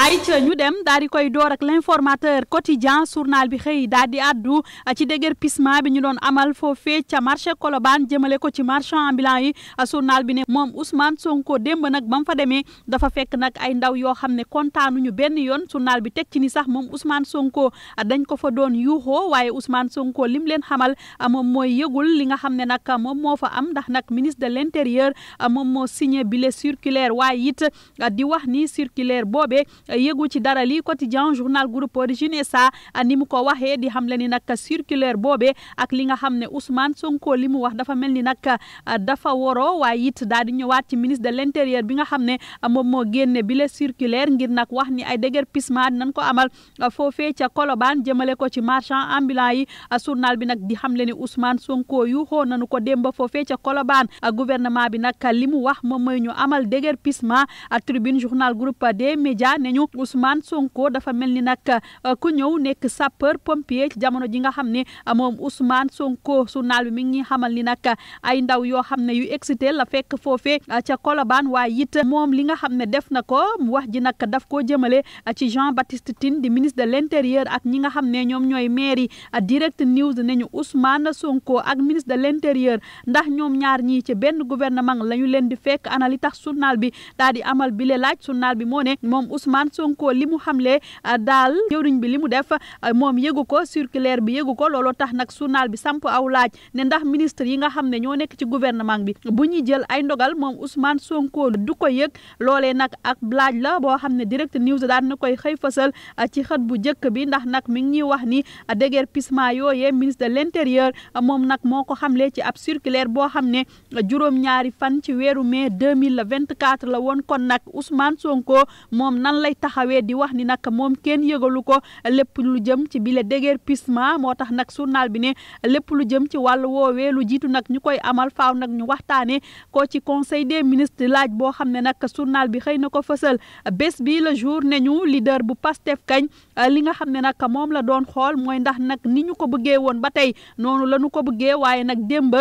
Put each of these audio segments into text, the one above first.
ayca ñu dem daal di koy door ak l'informateur quotidien journal bi xëy daal di addu ci déguerpissement bi ñu doon amal foofee ca marché Colobane jëmale ko ci marchand ambulant yi journal bi ne moom Ousmane Sonko démb nag ba mu fa demee dafa fekk nag ay ndaw yoo xam ne kontaanuñu benn yoon journal bi teg ci ni sax moom Ousmane Sonko dañ ko fa doon yuuxoo waaye Ousmane Sonko lim leen xamal moom mooy yëgul li nga xam ne nag moom moo fa am ndax nag ministre de l'intérieur moom moo signé bile circulaire waaye it di wax ni circulaire boobee yëgu ci dara lii quotidien journal groupe origine sa ni mu ko waxee di xam le ni nag circulaire boobee ak li nga xam ne Ousmane Sonko li mu wax dafa mel ni nag ah, dafa woro waaye it daal di ñëwaat ci ministre de l'intérieur bi nga xam ne ah, moom moo génne bile circulaire ngir nag wax ni ay déguerpissement dinañ ko amal ah, foofee ca Colobane jëmale ko ci marchand ambulant yi journal bi nag di xam le ni Ousmane Sonko yu xoo nañu ko démb foofee ca Colobane gouvernement bi nag li mu wax moom mooy ñu amal déguerpissement tribune journal groupe des médias ñu Ousmane Sonko dafa mel ni nag euh, ku ñëw nekk sapeur pompier ci jamono ji nga xam ne euh, moom Ousmane Sonko journal bi mi ngi xamal ni nag ay ndaw yoo xam ne yu excité la fekk foofee euh, ca Colobane waaye it moom li nga xam ne def na ko wax ji nag daf koo jëmale ci Jean Baptiste Tine di ministre de l'intérieur ak ñi xam ne ñoom ñooy mairie direct news nañu Ousmane Sonko ak ministre de l'intérieur ndax ñoom ñaar ñii ci benn gouvernement la ñu leen di fekk ana li tax journal bi daal di amal bile laaj journal bi moo moom Ousmane Sonko li mu xamle euh, daal jëwriñ bi li mu def euh, moom yëgu ko circulaire bi yëgu ko looloo tax nag journal bi samp aw laaj ne ndax ministre yi nga xam ne ñoo nekk ci gouvernement bi bu ñuy jël ay ndogal moom Ousmane Sonko du ko yëg loolee nag ak laaj la boo xam ne direct news daan na koy xëy fësal euh, ci xët bu njëkk bi ndax nag mi ngi ñuy wax ni déguerpissement yooyee ministre de l'intérieur moom nag moo ko xamle ci ab circulaire boo xam ne juróom-ñaari fan ci weeru mai 2024 la woon kon nag Ousmane Sonko moom nan la lay taxawee di wax ni nag moom kenn yëgalu ko lépp lu jëm ci bile déguerpissement moo tax nag journal bi ne lépp lu jëm ci wàllu woowee lu jiitu nag ñu koy amal faaw nag ñu waxtaanee ko ci conseil des ministres laaj boo xam ne nag journal bi xëy na ko fësal bés bi le jour ne ñu leader bu Pastef kañ li nga xam ne nag moom la doon xool mooy ndax nag ni ñu ko bëggee woon ba tey noonu la ñu ko bëggee waaye nag démb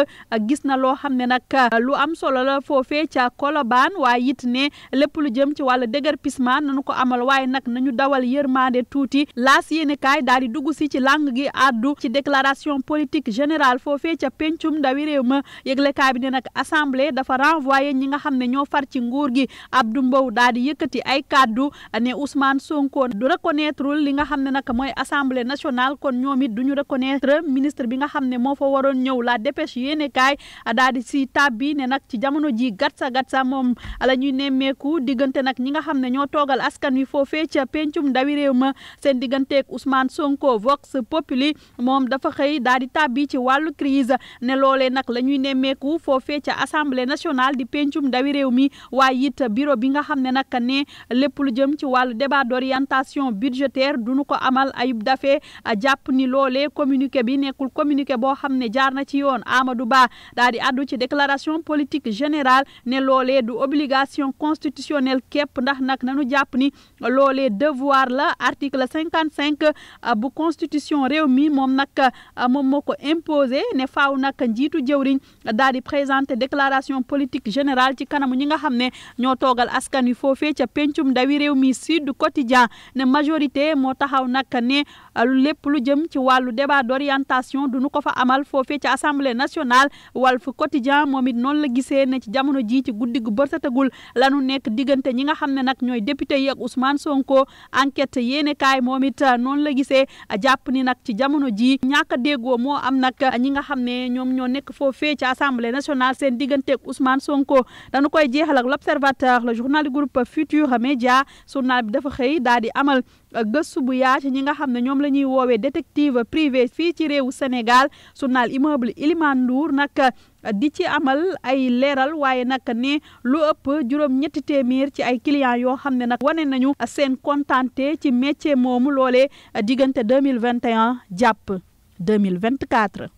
gis na loo xam ne nag lu am solo la foofee ca Colobane waaye it ne lépp lu jëm ci wàllu déguerpissement nanu ko amal waaye nag nañu dawal yërmande tuuti laas yéene kaay daal di dugg si ci làng gi àddu ci déclaration politique générale foofee ca pencum ndawi réew ma yëglekaay bi ne nag assemblée dafa renvoyé ñi nga xam ne ñoo far ci nguur gi Abdou Mbow daal di yëkkati ay kàddu ne Ousmane Sonko du reconnaître li nga xam ne nag mooy assemblée nationale kon ñoom it duñu reconnaître ministre bi nga xam ne moo fo waroon ñëw la dépêche yéene kaay daal di si tàbbi ne nag ci jamono ji gatsa moom la ñuy nemmeeku diggante nag ñi nga xam ne ñoo toogal askan wi foofee ca pencum ndawi réew ma seen digganteeg Ousmane Sonko Vox Populi moom dafa xëy daal di tàbbi ci wàllu crise ne loole nag la ñuy nemmeeku foofee ca assemblée nationale di pencum ndawi réew mi waaye it bureau bi nga xam ne nag ne lépp lu jëm ci wàllu débat d'orientation budgétaire duñu ko amal ayub dafee jàpp ni loole communiqué bi nekkul communiqué boo xam ne jaar na ci yoon Amadou Ba daal di addu ci déclaration politique générale ne loolee du obligation constitutionnelle képp ndax nag nanu jàpp ni loolee devoir la article cinquante cinq euh, bu constitution réew mi moom nag euh, moom moo ko imposé ne faaw nag njiitu jëwriñ daal di présenter déclaration politique générale ci kanamu ñi nga xam ne ñoo toogal askan wi foofee ca pencum ndawi réew mi sud quotidien ne majorité moo taxaw nag ne euh, lépp lu jëm ci wàllu débat d'orientation du nu ko fa amal foofee ca assemblée nationale Walf Quotidien moom it noonu la gisee ne ci jamono jii ci guddi gu bërsatagul lanu nekk diggante ñi nga xam ne nag ñooy député yi Ousmane Sonko enquête yéene kaay moom it uh, noonu la gisee uh, jàpp ni nag ci jamono ji ñàkk a déggoo moo am nag uh, ñi nga xam ne ñoom ñoo nekk foofee ci assemblée nationale seen digganteeg Ousmane Sonko dañu koy jeexal ak l'observateur le journal du groupe Futurs Médias journal bi dafa xëy daal di amal gëstu bu yaa ci ñi nga xam ne ñoom la ñuy woowee détective privé fii ci réewu Sénégal journal immeuble Ilimane nag di ci amal ay leeral waaye nag ne lu ëpp juróom-ñetti téeméer ci ay clients yoo xam ne nag wane nañu seen kontante ci métier moomu loole diggante deux mille vingt et jàpp deux mille vingt quatre